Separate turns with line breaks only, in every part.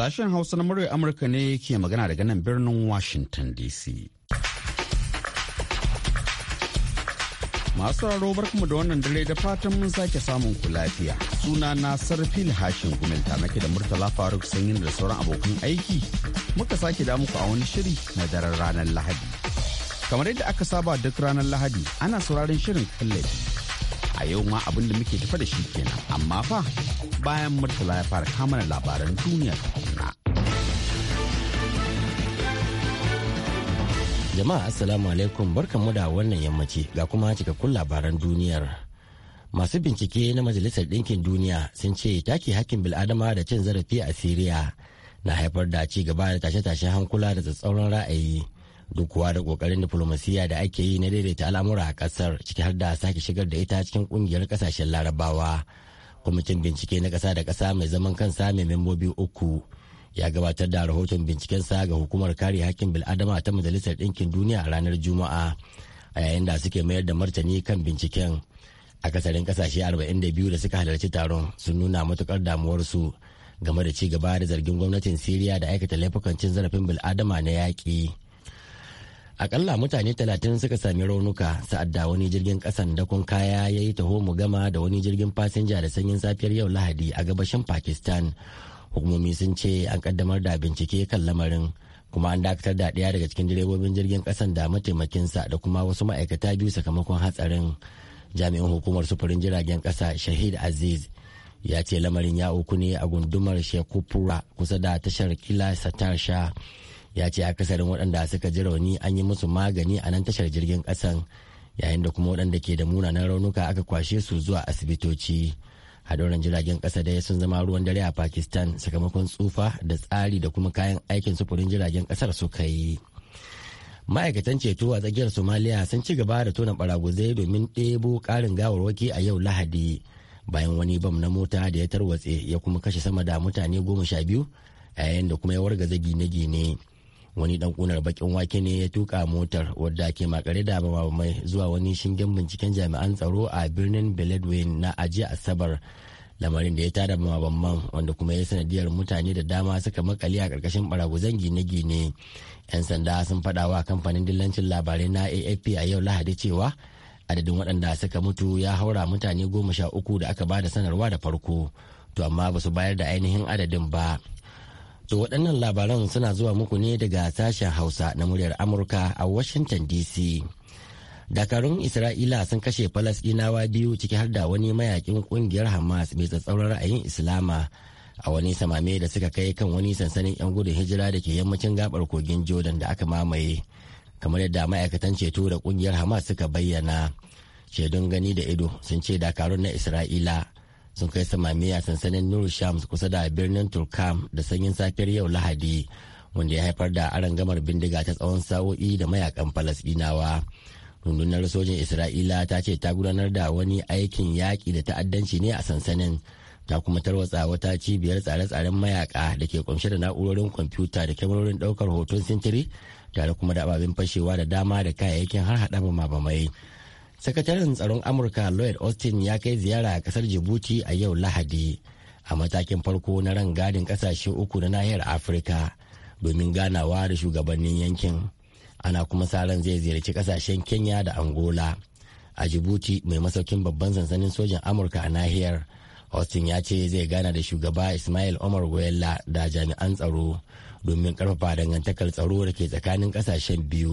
Sashen Hausa na murya Amurka ne ke magana daga nan birnin Washington DC. Masu raro barkamu da wannan dare da fatan mun sake samun ku lafiya. Suna na Sarfil Hashin guminta, nake da Murtala Faruk Sanyin da sauran abokan aiki. Muka sake da muku a wani shiri na daren ranar Lahadi. Kamar yadda aka saba duk ranar Lahadi ana sauraron shirin kallabi a yau ma abin da muke tafa da shi kenan amma fa bayan murtala ya
fara kamar labaran duniya tukuna. jama'a assalamu alaikum barkanmu da wannan yammaci ga kuma cikakkun labaran duniyar masu bincike na majalisar ɗinkin duniya sun ce take hakkin bil'adama da cin zarafi a siriya na haifar da ci gaba da tashe-tashen hankula da tsatsauran ra'ayi duk kuwa da kokarin diflomasiyya da ake yi na daidaita al'amura a kasar ciki har da sake shigar da ita cikin kungiyar kasashen larabawa kwamitin bincike na kasa da kasa mai zaman kansa mai membobi uku ya gabatar da rahoton binciken sa ga hukumar kare hakkin bil'adama ta majalisar ɗinkin duniya a ranar juma'a a yayin da suke mayar da martani kan binciken akasarin kasashe 42 da suka halarci taron sun nuna matukar damuwarsu game da ci gaba da zargin gwamnatin siriya da aikata laifukan cin zarafin bil'adama na yaƙi akalla mutane talatin suka sami raunuka sa'adda wani jirgin kasan dakon kaya ya yi taho mu gama da wani jirgin fasinja da sanyin safiyar yau lahadi a gabashin pakistan hukumomi sun ce an kaddamar da bincike kan lamarin kuma an dakatar da ɗaya daga cikin direbobin jirgin kasan da mataimakinsa da kuma wasu ma'aikata biyu sakamakon hatsarin jami'in hukumar sufurin jiragen kasa shahid aziz ya ce lamarin ya uku ne a gundumar shekupura kusa da tashar kila satar sha ya ce akasarin waɗanda suka ji rauni an yi musu magani a nan tashar jirgin ƙasan yayin da kuma waɗanda ke da munanan raunuka aka kwashe su zuwa asibitoci hadoran jiragen ƙasa ya sun zama ruwan dare a pakistan sakamakon tsufa da tsari da kuma kayan aikin sufurin jiragen ƙasar suka yi ma'aikatan ceto a tsakiyar somaliya sun ci gaba da tona baraguzai domin ɗebo ƙarin gawarwaki a yau lahadi bayan wani bam na mota da ya tarwatse ya kuma kashe sama da mutane goma sha biyu yayin da kuma ya wargaza gine-gine wani dan kunar bakin wake ne ya tuka motar wadda ke makare da mai zuwa wani shingen binciken jami'an tsaro a birnin beledwin na ajiya asabar lamarin da ya tada mabamman wanda kuma ya sanadiyar mutane da dama suka makale a karkashin baraguzan gine-gine yan sanda sun faɗa wa kamfanin dillancin labarai na afp a yau lahadi cewa adadin waɗanda suka mutu ya haura mutane goma sha uku da aka ba da sanarwa da farko to amma ba su bayar da ainihin adadin ba To waɗannan labaran suna zuwa muku ne daga sashen Hausa na muryar Amurka a Washington DC. Dakarun Isra'ila sun kashe Falasɗinawa biyu ciki har da wani mayakin ƙungiyar Hamas mai tsatsauran ra'ayin Islama a wani samame da suka kai kan wani sansanin 'yan gudun hijira da ke yammacin gabar kogin Jordan da aka mamaye. Kamar yadda ma'aikatan ceto da ƙungiyar Hamas suka bayyana. Shaidun gani da ido sun ce dakarun na Isra'ila sun kai samaniya sansanin nur shams kusa da birnin turkam da sanyin safiyar yau lahadi wanda ya haifar da gamar bindiga ta tsawon sa'o'i da mayakan falasdinawa rundunar sojin isra'ila ta ce ta gudanar da wani aikin yaƙi da ta'addanci ne a sansanin ta kuma tarwatsa wata cibiyar tsare-tsaren mayaka da ke kunshe da na'urorin kwamfuta da kyamarorin ɗaukar hoton sintiri tare kuma da ababen fashewa da dama da kayayyakin har haɗa mabamai sakataren tsaron amurka lloyd austin ya kai ziyara a kasar jibuti a yau lahadi a matakin farko na ran gadin kasashe uku na nahiyar afirka domin ganawa da shugabannin yankin ana kuma sa ran zai ziyarci kasashen kenya da angola a jibuti mai masaukin babban sansanin sojan amurka a nahiyar austin ya ce zai gana da shugaba ismail omar goyella da jami'an tsaro domin karfafa dangantakar tsaro da ke tsakanin kasashen biyu.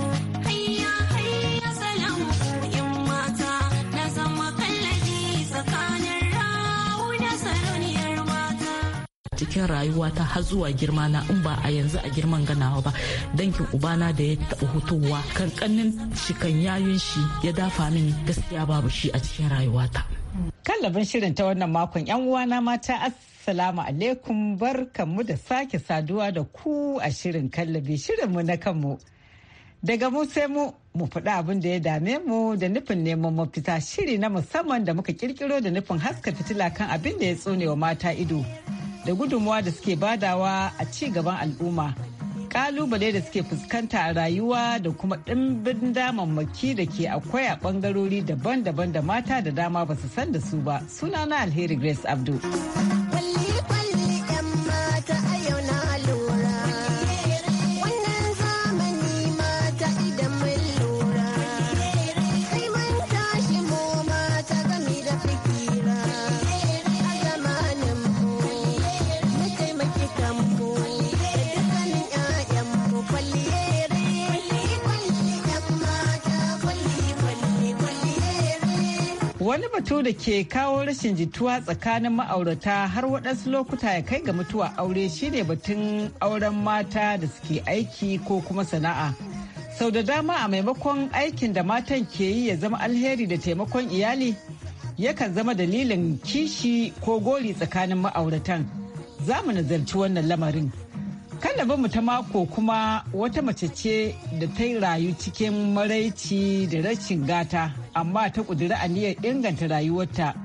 cikin rayuwata har zuwa girma na in ba a yanzu a girman ganawa ba dangin ubana da ya taɓa hutowa kankanin shi kan yayin shi ya dafa min gaskiya babu shi a cikin rayuwata.
Kallabin shirin ta wannan makon 'yan uwana mata Assalamu alaikum barkanmu da sake saduwa da ku a shirin kallabi shirinmu na kanmu. Daga mu sai mu mu faɗi abin da ya dame mu da nufin neman mafita shiri na musamman da muka kirkiro da nufin haska fitila kan abin da ya tsone wa mata ido. da gudunmuwa da suke badawa a ci gaban al'umma kalubale da suke fuskanta a rayuwa da kuma ɗimbin damammaki da ke akwai a ɓangarori daban-daban da mata da dama ba su san da su ba sunana alheri grace abdul wani batu da ke kawo rashin jituwa tsakanin ma'aurata har waɗansu lokuta ya kai ga mutuwa aure shine batun auren mata da suke aiki ko kuma sana'a sau da dama a maimakon aikin da matan ke yi ya zama alheri da taimakon iyali yakan zama dalilin kishi ko gori tsakanin ma'auratan za mu nazarci wannan lamarin mu ta mako kuma wata mace ce da ta rayu cikin maraici da rashin gata amma ta ƙudiri aniyar inganta rayuwarta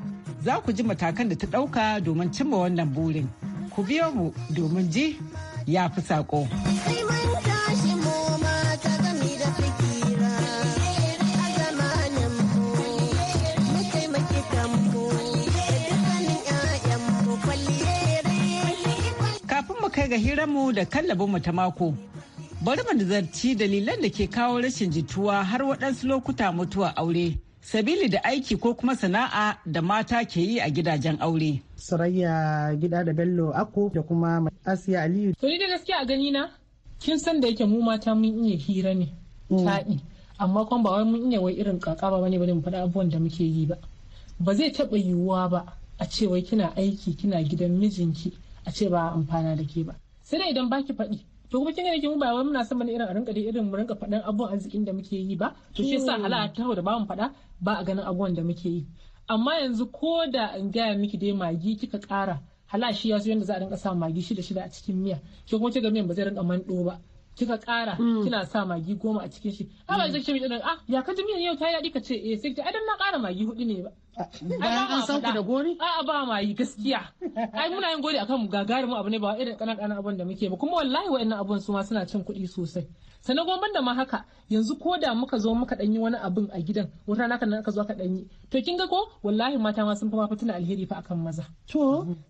za ku ji matakan da ta ɗauka domin cimma wannan burin ku biyo mu domin ji ya fi saƙo. daga hiranmu da kallabinmu ta mako. Bari mu nazarci dalilan da ke kawo rashin jituwa har waɗansu lokuta mutuwa aure. Sabili da aiki ko kuma sana'a da mata ke yi a gidajen aure. Sarayya gida da Bello Ako da kuma Asiya Aliyu. To ni da
gaskiya a gani na kin san da yake mu mata mun iya hira ne. Mm. Ta'i. Amma kuma ba wai mun iya wai irin kaka ba bane bane mu faɗa abubuwan da muke yi ba. Ba zai taɓa yiwuwa ba a ce wai kina aiki kina gidan mijinki a ce ba amfana da ke ba sai dai idan baki faɗi to kuma kinga yake mu ba wai muna son bane irin a rinka dai irin mu rinka faɗan abubuwan arzikin da muke yi ba to shi yasa hala ta da ba mu faɗa ba a ganin abubuwan da muke yi amma yanzu ko da in gaya miki dai magi kika ƙara hala shi ya so yanda za a rinka sa magi shida shida a cikin miya ke kuma kiga miyan ba zai rinka manɗo ba kika kara mm. kina sa magi goma a cikin shi a ah, bai mm. zai ce mai ah ya ka ji yau ta yi daɗi ka ce eh sai ta adam na kara magi hudu ne ba ah,
bayan an san ku da gori
a ba ma gaskiya ai muna yin gori akan gagarumu abu ne ba irin kanan abun da muke ba kuma wallahi wa'annan abun su ma suna cin kuɗi sosai sannan goma da ma haka yanzu ko da muka zo muka danyi wani abin a gidan wata rana kan ka zo ka danyi to kin ga ko wallahi mata ma sun fi ma fituna alheri fa akan maza to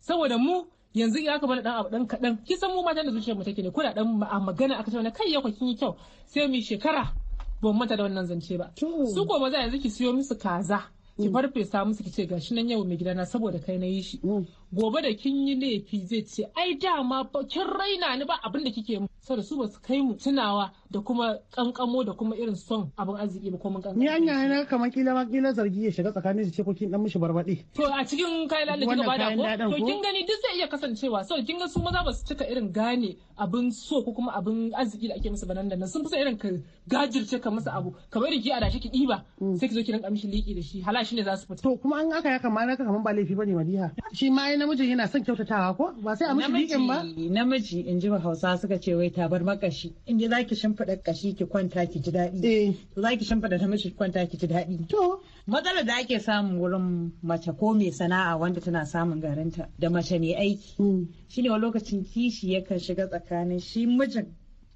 saboda mu yanzu ya kama da dan abu dan kadan ki san mu mata da zuciyar mu take ne kuna dan magana aka ce na kai ya kin yi kyau sai mu shekara ba mata da wannan zance ba su ko maza yanzu ki siyo musu kaza ki farfesa musu ki ce gashi nan yau mai gidana saboda kai na yi shi mm. gobe da kin yi laifi zai ce ai dama kin raina ni ba abin da kike mu saboda su ba su kai mu tunawa da kuma kankamo da kuma irin son abin arziki ba kuma kankamo. Ni an
yaya na kamar kila ma kila zargi ya shiga tsakanin da ko kin dan mishi barbaɗe.
To a cikin kayan lalle kika bada ko to kin gani duk zai iya kasancewa so kin ga su maza ba su cika irin gane abin so ko kuma abin arziki da ake musu banan da nan sun fusa irin ka gajirce ka musu abu kamar ki a shi ki ɗiba mm. sai ki zo ki rinka mishi liki da shi halashi shi ne za su
fita. To kuma an aka ya kamar ka kamar ba laifi bane madiha shi ma yana namiji yana son kyautatawa ko ba sai a mishi bikin ba
namiji in ji hausa suka ce wai tabar makashi in ji zaki shimfida kashi ki kwanta ki ji daɗi eh zaki shimfida namiji ki kwanta ki ji daɗi to matsalar da ake samun wurin mace ko mai sana'a wanda tana samun garinta da mace mai aiki hmm. shine wani lokacin kishi yakan shiga tsakanin shi mijin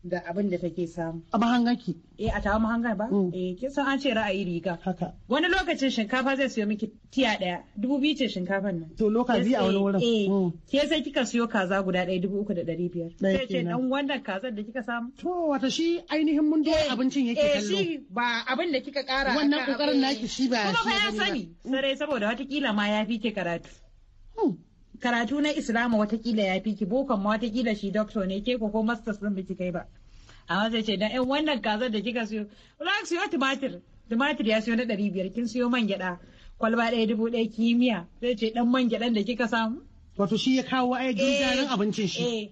da abin da take samu. A mahangaki. Eh a tawa mahangar ba? Mm. Eh kin san an ce ra'ayi riga. Haka. Wani lokacin shinkafa zai siyo miki tiya daya dubu biyu ce shinkafan nan. To lokaci biyu a wani wurin. Eh mm. ke sai kika siyo kaza guda ɗaya dubu uku da ɗari biyar. Sai ce dan
wannan kazar da kika samu. To wata shi ainihin mun doya eh, abincin yake eh, kallo. Eh
shi ba abin da kika kara Wannan kokarin naki shi ba. Kuma ba ya sani. Mm. Sarai saboda watakila ma ya fi ke karatu. karatu na islamu watakila ya fi ki bokon watakila shi doctor ne ke ko masters din biki kai ba amma zai ce dan yan wannan kazar da kika siyo za siyo tumatir tumatir ya siyo na ɗari biyar kin siyo man gyaɗa kwalba ɗaya dubu ɗaya kimiyya zai ce dan man gyadan da kika samu. wato shi ya kawo ai eh, gundarin abincin shi. Eh,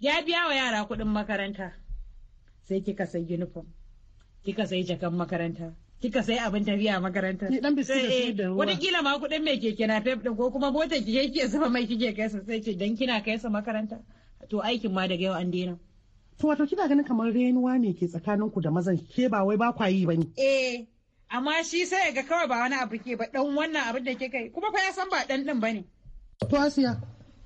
ya biya wa yara kuɗin makaranta sai kika sai uniform kika sai jakan makaranta kika sai abin tafiya makaranta. Ki dan biskit da eh, eh, su da ruwa. Wani kila ma kuɗin mai keke na fef ko kuma mota ki yake zuba mai kike kai sa sai ce dan kina kai sa makaranta. To aikin ma daga yau an daina.
To wato kina ganin kamar renuwa ne ke tsakanin ku da mazan ke ba wai ba kwa yi bane.
Eh amma shi sai ga kawai ba wani abu ke ba dan wannan abin da ke kai, kuma fa ya san ba dan din bane.
To Asiya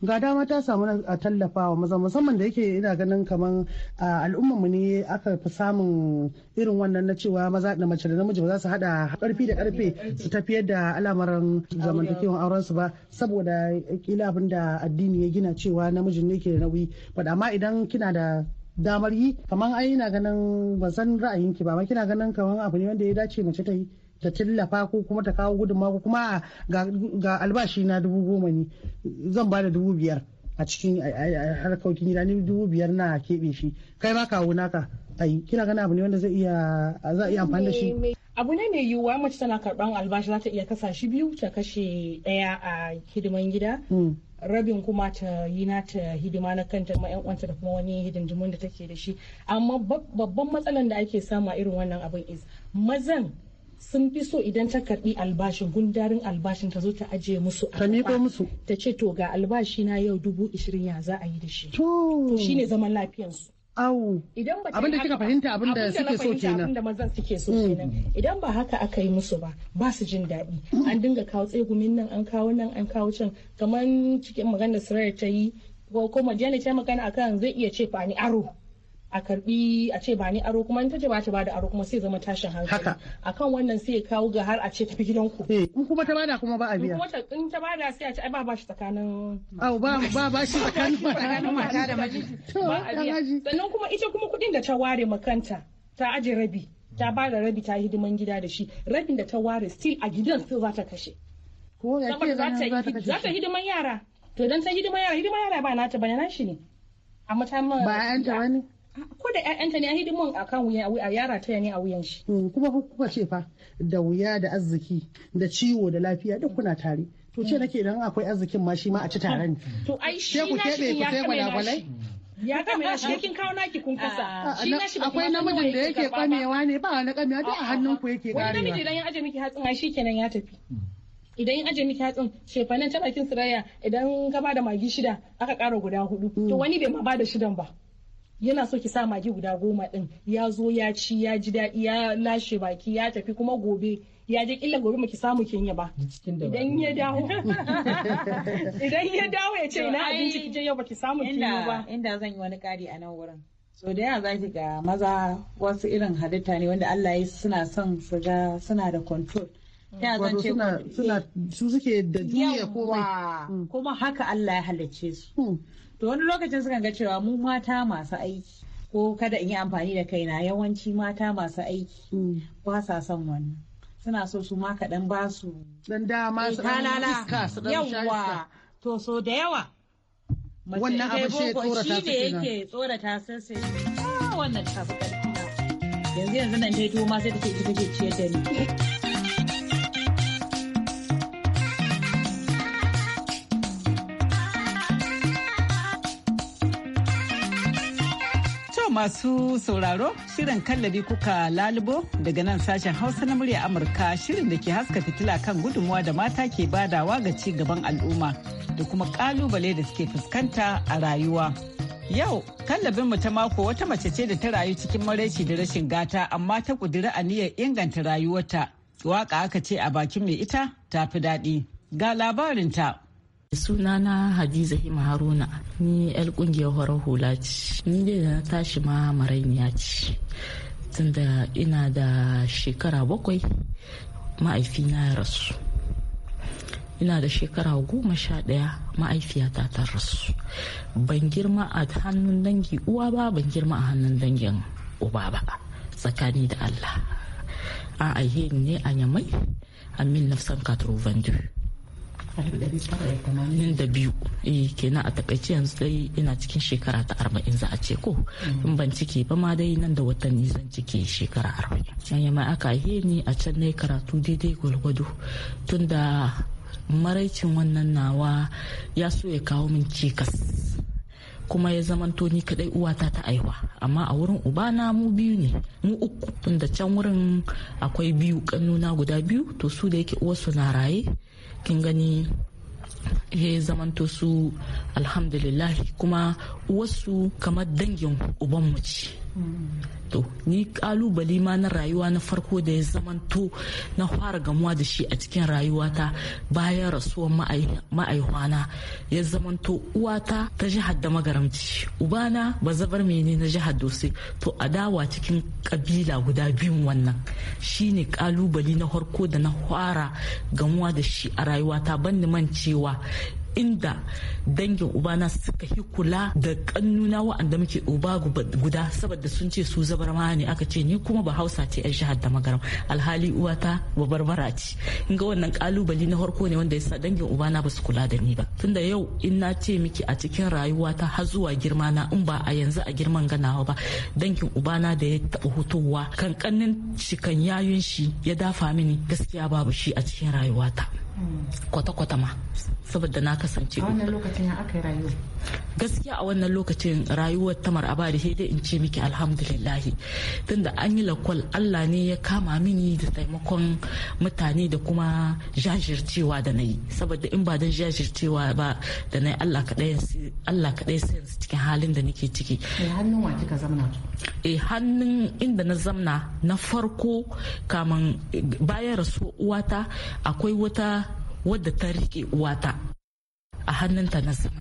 ga dama ta samu a tallafa wa maza musamman da yake ina ganin kamar al'ummar mu ne aka fi samun irin wannan na cewa maza da mace da namiji ba za su hada karfi da karfe su tafiyar da al'amuran zamantakewan auren su ba saboda kila abin da addini ya gina cewa namijin ne ke nauyi ba amma idan kina da damar yi kamar ai ina ganin ban san ra'ayinki ba amma kina ganin kamar abu ne wanda ya dace mace ta yi ta tallafa ko kuma ta kawo gudunmawa ko kuma ga albashi na dubu goma ne zan ba da dubu biyar a cikin harkokin gida ne dubu biyar na keɓe shi kai ma kawo naka ayi kina gana abu ne wanda zai iya za iya amfani da shi
abu ne mai yiwuwa mace tana karban albashi za ta iya kasa shi biyu ta kashe ɗaya a hidiman gida hmm. rabin kuma ta yi na ta hidima na kanta ma yan uwanta da kuma wani hidindimun da take da shi amma babban matsalar da ake samu a irin wannan abin is mazan sun fi so idan ta karbi albashin gundarin albashin ta zo ta ajiye musu ta musu ta ce to ga albashi na yau dubu ishirin ya za a yi da shi to shine zaman lafiyansu Awu. Idan ba kika fahimta abinda suke so kenan. mazan suke so mm. kenan. Idan ba haka aka yi musu ba, ba su jin daɗi. An dinga kawo tsegumin nan, an kawo nan, an kawo can. Kamar cikin magana Sarayar ta yi, ko kuma Janet ta magana akan zai iya ce fa ni aro. a karbi a ce ba ni aro kuma in ta ce ba ta bada aro kuma sai zama tashin hankali akan wannan sai ya kawo ga har a ce tafi gidanku eh, in kuma ta bada kuma ba a biya in ta bada sai a ce ai ba bashi tsakanin au ba ba bashi tsakanin mata da miji ba a biya sannan kuma ita kuma kuɗin da ta ware makanta ta aje rabi ta bada rabi ta hidiman gida da shi rabin da ta ware still a gidan still za ta kashe saboda za ta za ta hidiman yara to dan ta hidiman yara hidiman yara ba nata bane shi ne a mata ba yanta wani ko da ƴaƴanta ne a a kan wuya a yara ta ne a wuyan shi mm, kuma kuka
ce fa da wuya da arziki da ciwo da lafiya duk kuna tare to ce nake idan akwai arzikin ma shi ma a ci ne.
to ai shi na shi ya kame ya kame na shi kin kawo naki kun kasa ah. shi na shi akwai namijin da yake kamewa ne
ba wani kamewa duk a hannun ku yake karewa wani namiji idan
ya aje miki hatsin ai shi kenan ya tafi idan aje miki hatsin shefanen ta bakin siraya idan ka bada magi shida aka kara guda hudu mm. to wani bai ma bada shidan ba yana so ki sa magi guda goma din ya zo ya ci ya ji daɗi ya lashe baki ya tafi kuma gobe ya je illa gobe mu ki samu kin ba idan ya dawo idan ya dawo ya ce ina abinci ki je yau baki samu kin ba
inda zan yi wani kari a nan wurin so da yawa zaki ga maza wasu irin halitta ne wanda Allah ya suna son su ga suna da control wato suna suna su suke da duniya komai hmm. kuma haka Allah ya halicce su hmm. to wani lokacin sukan ga cewa mu mata masu aiki ko kada in yi amfani da kaina yawanci mata masu aiki hmm. ba sa son wannan suna so su ma kaɗan ba su dan dama su dan iska su dan yawa to so da yawa wannan abu shi tsorata yake tsorata sai sai ah, wannan ta yanzu yanzu nan ta yi tuwo ma sai take ita take ciyar da ni
masu sauraro shirin kallabi kuka lalubo daga nan sashen hausa na murya amurka shirin da ke haska fitila kan gudunmuwa da mata ke badawa ga ci gaban al'umma da kuma kalubale da suke fuskanta a rayuwa yau kallabin mu ta mako wata mace ce da ta rayu cikin maraici da rashin gata amma ta kudura aniyar inganta rayuwarta waka aka ce a bakin mai ita ta fi daɗi ga labarinta
sunana hadiza hima haruna ni yar kungiyar horar hula ce ni dai da na tashi ma marainiya ce tunda ina da shekara bakwai ma'aifina ya rasu ina da shekara goma sha ɗaya ma'aifiyata ta rasu ban girma a hannun dangi uwa ba ban girma a hannun dangin uba ba tsakani da allah an aihe ne a yamai amin nafsan katro vandu biyu. eh kenan a takaice yanzu dai ina cikin shekara ta arba'in za a ce ko in ban ciki ba ma dai nan da watanni zan ciki shekara arba'in. can yamma aka yi ni a can na karatu daidai gwalgwado tunda maraicin wannan nawa ya so ya kawo min cikas kuma ya zamanto ni kadai uwata ta aiwa amma a wurin uba na mu biyu ne mu uku tunda can wurin akwai biyu kanuna guda biyu to su da yake uwarsu na raye kin gani ya zamanto su alhamdulillah kuma wasu kamar dangin ubanmu ce to ni kalubale ma na rayuwa na farko da ya zamanto na fara gamuwa da shi a cikin rayuwata bayan rasuwar ma'aihwana ya zamanto uwata ta jihar da magaramci ubana ba zabar mene na jihar dose to a dawa cikin kabila guda biyun wannan shine kalubale na farko da na fara gamuwa da shi a rayuwata ban man cewa inda dangin ubana suka yi kula da kannuna wa'anda muke uba guda saboda sun ce su ma ne aka ce ni kuma ba hausa ce yan shahar da magaram alhali uwata ba barbara ce in ga wannan kalubali na farko ne wanda yasa dangin ubana ba su kula da ni ba tunda yau in na ce miki a cikin rayuwata har zuwa girma na in ba a yanzu a girman ganawa ba dangin ubana da ya taba hutowa kankanin shi kan yayun shi ya dafa mini gaskiya babu shi a cikin rayuwata kwata-kwata ma saboda na kasance a wannan
lokacin ya aka rayu
gaskiya a wannan lokacin rayuwar tamar abadi sai dai in ce miki alhamdulillah tunda an yi lakwal allah ne ya kama mini da taimakon mutane da kuma jajircewa da na yi saboda in ba don jajircewa ba da na yi allah kaɗai sai yanzu cikin halin da nake ciki eh, hannun wa kika zamna e hannun inda na zamna na farko kaman bayan rasuwa uwata akwai wata wadda ta riƙe uwata a hannunta na zama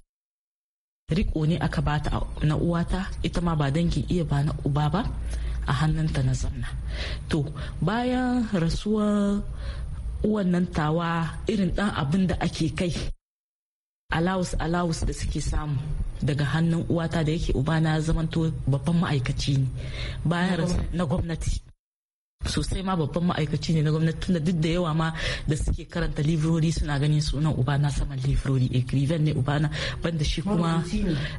riko ne aka bata na uwata ita ma ba dangin iya ba na uba ba a hannunta na zamna to bayan rasuwar wannan tawa irin ɗan abin da ake kai alawus alawus da suke samu daga hannun uwata da yake uba na zamanto babban ma'aikaci ne bayan na gwamnati sosai ma babban ma'aikaci ne na gwamnati tunda duk da yawa ma da suke karanta livrori suna ganin sunan ubana saman livrori ekriven ne ubana banda shi kuma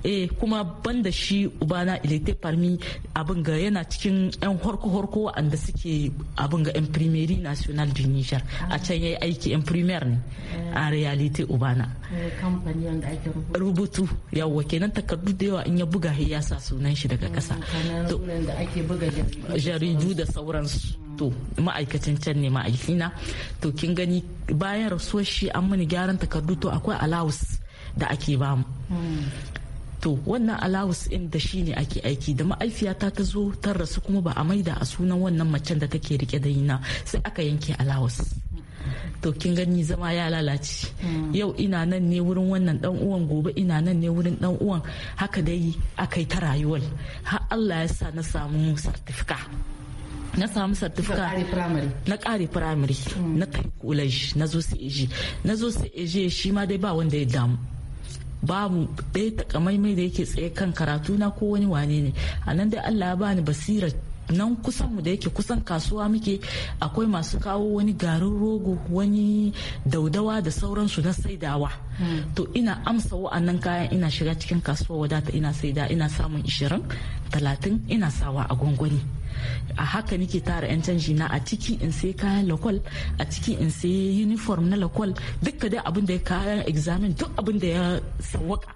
eh kuma banda shi ubana ilete parmi abin ga yana cikin yan horko horko wanda suke abin ga yan primary national du Niger a can yayi aiki yan premier ne a realite ubana eh, rubutu yawa kenan takardu da yawa in ya buga ya sa sunan shi daga kasa mm, jaridu da sauransu to ma'aikacin can ne ma'aikina to kin gani bayan rasuwar shi an mini gyaran takardu to akwai alawus da ake mu. to wannan alawus in da shi ne ake aiki da ma'aifiya ta zo ta rasu kuma ba a maida a sunan wannan macen da take rike da yina sai aka yanke alawus to kin gani zama ya lalace yau ina nan ne wurin wannan dan uwan gobe ina nan ne wurin dan uwan haka dai akai yi ta rayuwar har Allah ya sa na samu sartifika na samu certificate na kare primary na kai mm. college na zo sai na zo shi ma dai ba wanda ya damu babu ɗaya takamaimai da yake tsaye kan karatu na ko wani wane ne a nan dai allah ya bani basira nan kusan mu da yake kusan kasuwa muke akwai masu kawo wani garin rogo wani daudawa da sauransu na saidawa mm. to ina amsa wa'annan kayan ina shiga cikin kasuwa wadata ina saida ina samun 20 30 ina sawa a gwangwani a haka nake tara 'yan canji na a ciki in sai kayan lakwal a ciki in sai uniform na lakwal dukka dai abin da ya kayan examen duk abin da ya sawaka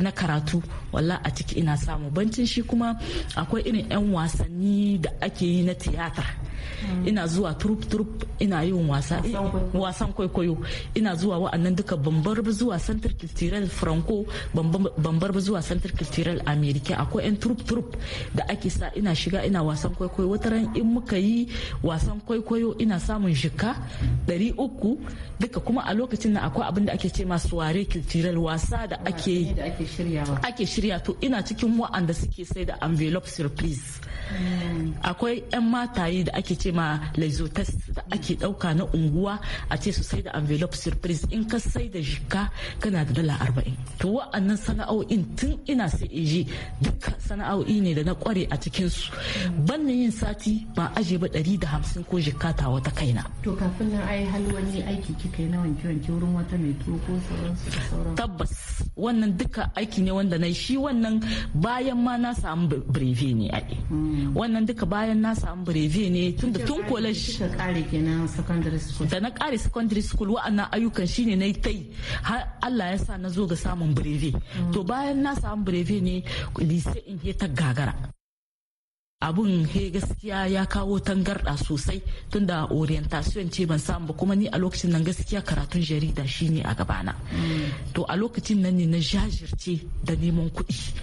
na karatu walla a ciki ina samu bancin shi kuma akwai irin 'yan wasanni da ake yi na tiyata mm. ina zuwa turup turup ina yin wasa wasan kwaikwayo ina zuwa wa'annan duka bambar zuwa center cultural franco bambar zuwa center cultural america akwai yan turup turup da ake sa ina shiga ina wasan kwaikwayo wata ran in muka yi wasan kwaikwayo ina samun shika ɗari uku duka kuma a lokacin na akwai abin da ake ce masu ware cultural wasa da ake ake yi ake shirya to ina cikin wa'anda suke sai da envelope surprise mm. akwai 'yan mataye da ake ce ma laizotas da ake dauka na unguwa a ce su sai da envelope surprise in ka sai da jika kana da dala arba'in to wa'annan sana'o'in tun ina sai eji duka sana'o'i ne da na kware a cikin su mm. banna yin sati ba aje ba dari da hamsin ko jika ta wata kaina to kafin nan ai hal wani aiki kika yi na wanke wanke wurin wata mai tuwo ko sauransu tabbas wani wannan duka aiki ne wanda na shi wannan bayan ma na samu brevi ne ai hmm. wannan duka bayan na samu brevi ne tun da tun college da na kare secondary school wa'annan ayyukan ne na ta yi har Allah ya sa na zo ga samun brevi hmm. to bayan na samu brevi ne lise in ta gagara abun he gaskiya ya kawo tangarɗa sosai tunda orientation ce ban samu ba kuma ni a lokacin nan gaskiya karatun jarida shine a gabana mm. to a lokacin nan ne na jajirce da neman kuɗi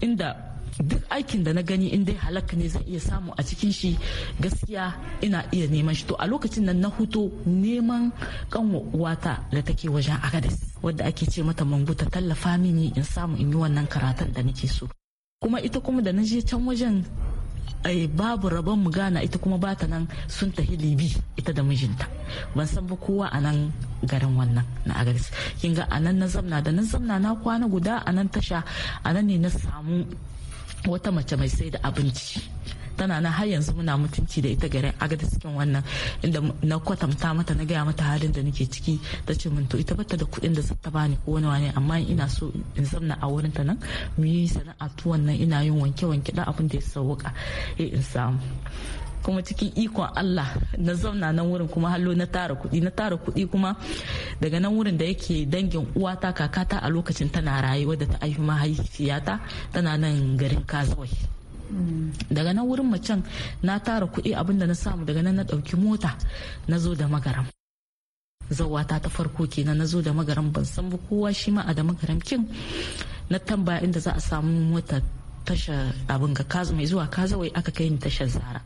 inda duk aikin da na gani in dai halakka ne zan iya samu a cikin shi gaskiya ina iya neman shi to a lokacin nan na huto neman kan wata da take wajen agadis wadda ake ce mata mangu ta tallafa mini in samu in yi wannan karatun da nake so kuma ita kuma da na je can wajen babu rabon mu gana ita kuma bata nan sun tafi libi ita da mijinta ban san ba kowa a nan garin wannan na agaris kin ga a nan na zamna da na zamna na kwana guda a nan tasha a nan ne na samu wata mace mai sai da abinci tana na har yanzu muna mutunci da ita garin agada cikin wannan inda na kwatanta mata na gaya mata halin da nake ciki ta ce min to ita bata da kuɗin da ta bani ko wani wani amma ina so in zamna a wurin ta nan mu yi sana'a tuwon nan ina yin wanke-wanke da abin da ya sauka eh in samu kuma cikin ikon Allah na zauna nan wurin kuma hallo na tara kuɗi na tara kuɗi kuma daga nan wurin da yake dangin uwata kakata a lokacin tana rayuwa da ta aifi mahaifiyata tana nan garin kazawai daga nan wurin macen na tara kuɗi abinda na samu daga nan na ɗauki mota na zo da magaram ta ta farko kenan na zo da magaram ban san ba kowa shi ma a da magaram kin na tambaya inda za a samu mota tasha abin ga mai zuwa kaza wai aka kai ni tashar zara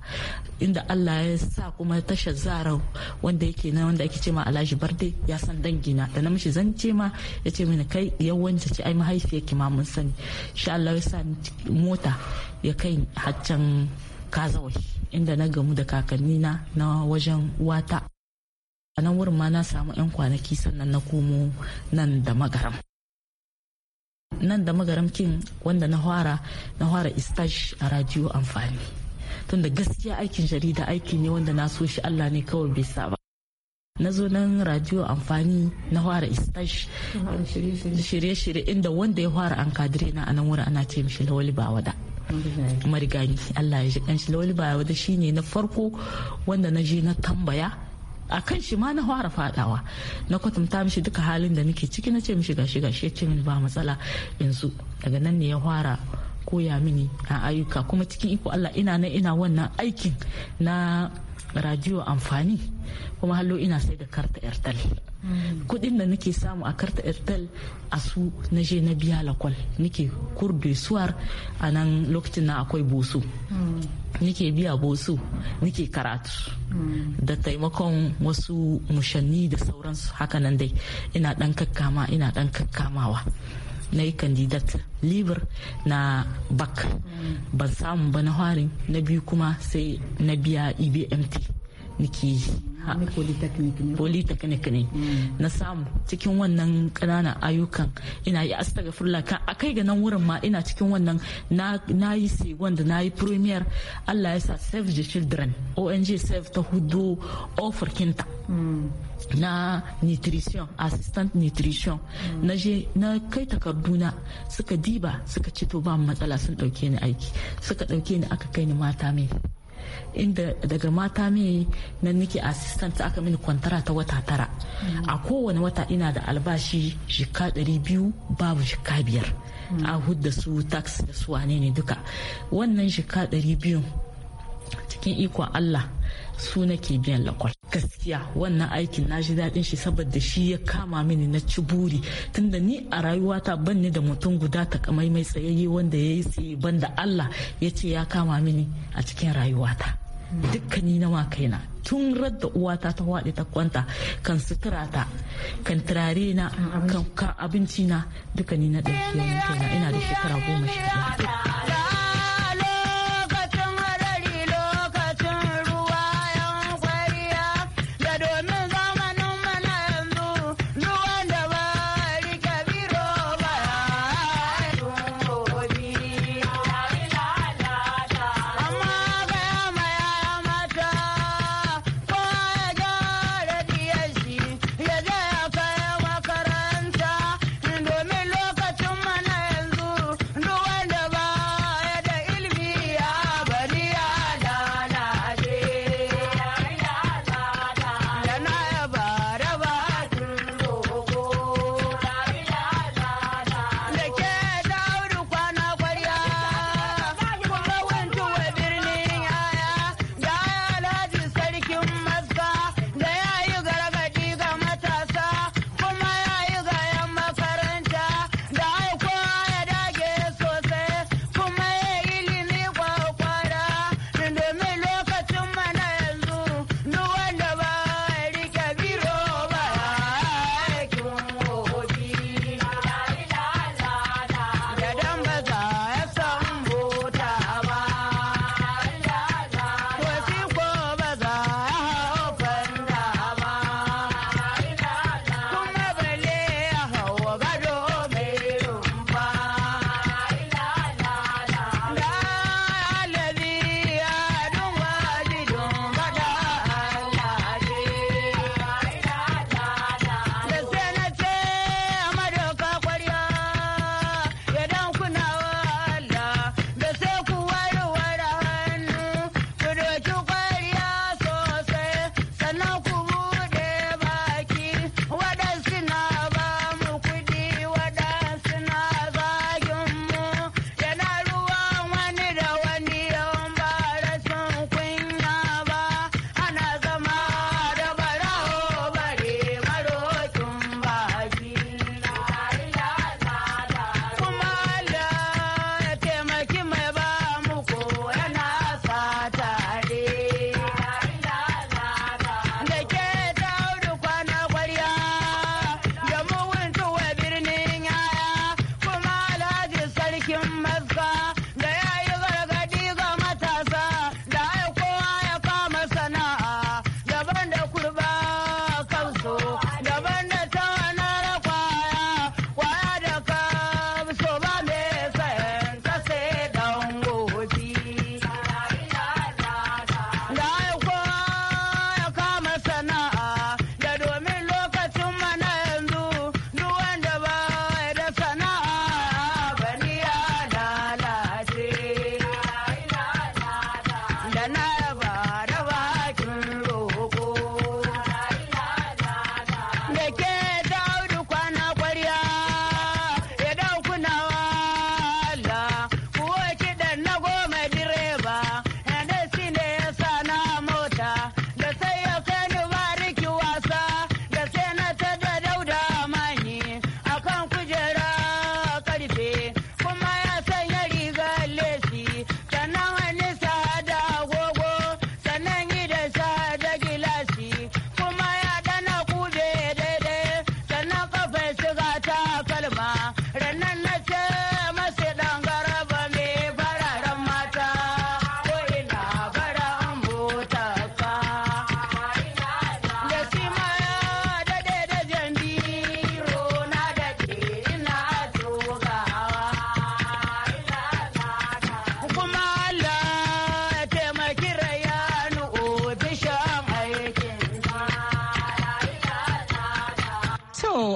inda allah ya sa kuma tashar zara wanda yake na wanda ake ce ma alhaji barde ya san dangi na da na mishi zance ma ya ce mini kai wanda ce ai mahaifiyar ki ma mun sani insha allah ya sa mota ya kai haccan kazawai inda na gamu da kakannina na wajen wata a nan wurin ma na samu 'yan kwanaki sannan na komo nan da magaram nan da magaramkin wanda na fara na fara istash a radio amfani tunda gaskiya aikin jarida aiki ne wanda na so shi Allah ne kawai bai sa ba na zo nan radio amfani na fara istash shirye-shirye inda wanda ya fara an kadire na a nan wurin ana ce mishi lawali ba wada marigani Allah ya ji kanshi lawali ba wada shine na farko wanda na je na tambaya a kan shi ma na fara fadawa na kwatanta mishi duka halin da nake ciki na ce mishi gashi gashi ya ce mini ba matsala yanzu daga nan ne ya fara koya mini a ayyuka kuma cikin iko Allah ina nan ina wannan aikin na radio amfani kuma hallo ina sai da karta airtel hmm. kudin da nake samu a karta airtel a su na je na biya lakwal nake kurbe suwar a nan lokacin na akwai bosu hmm. nake biya bosu nake karatu hmm. da taimakon wasu mushanni da sauransu haka nan dai ina dan kakkama ina dan kakkamawa na yi kandidat libre na bak ban samu ba na harin na biyu kuma sai na biya ibmt e niki yi polytechnic ne hmm. na samu cikin wannan ƙananan ayyukan ina yi astagfirullah a akai ga nan wurin ma ina cikin wannan na yi segon wanda na yi premier allah ya sa save the children ong save ta hudu ofirkinta hmm. na nutrition assistant nutrition hmm. na je na kai takarduna suka diba suka ce to ba matsala sun dauke ni aiki suka dauke ni aka kai ni mata mai inda daga mata mai nan nake assistant aka mini kwantara ta wata tara a kowane wata ina da albashi shika ɗari biyu babu shika biyar a hudda su tax da su wane ne duka wannan shika ɗari biyu cikin ikon allah su nake biyan lakwal gaskiya wannan aikin na ji daɗin shi saboda shi ya kama mini na ci buri tunda ni a rayuwata ban ni da mutum guda mai tsayayye wanda ya yi tsaye da Allah ya ce ya kama mini a cikin rayuwata ni na ma kaina tun radda uwata ta waɗe ta kwanta kan sutura ta kan turare na kan abinci na ni na ɗauki yawan ina da shekara goma sha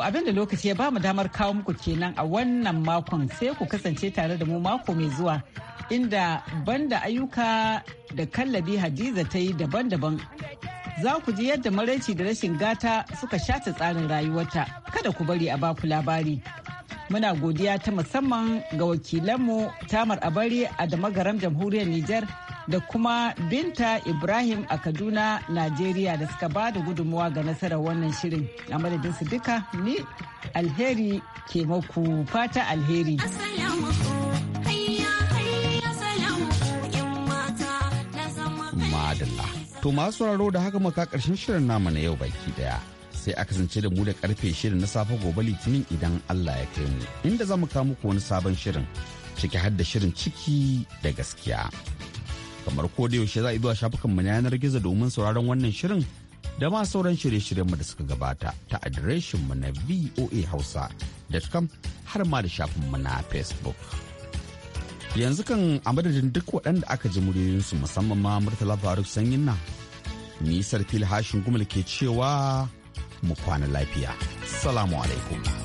abinda lokaci ya ba mu damar kawo muku kenan a wannan makon sai ku kasance tare da mu mako mai zuwa inda banda ayyuka da kallabi hadiza ta yi daban-daban za ku ji yadda maraici da rashin gata suka shata tsarin rayuwarta kada ku bari a baku labari muna godiya ta musamman ga wakilanmu tamar abari a da magaram jamhuriyar niger da kuma Binta Ibrahim a Kaduna, Najeriya da suka ba da gudunmuwa ga nasarar wannan shirin. A madadin su duka ni alheri
ke maku fata alheri. Madalla. To masu sauraro da haka maka karshen shirin namu na yau baki daya. sai a kasance da mu da karfe shirin na safe gobe litinin idan Allah ya kai mu inda za mu kawo muku wani sabon shirin ciki har da shirin ciki da gaskiya. kamar ko da yaushe za a zuwa mu na yanar gizo domin sauraron wannan shirin da ma sauran shirye-shiryenmu da suka gabata ta mu na voahausa.com har ma da shafin mu na facebook yanzu kan a madadin duk waɗanda aka ji muryoyinsu musamman ma murtala faruk sanyin na nisar fil hashin gumal ke cewa mu kwana lafiya salamu alaikum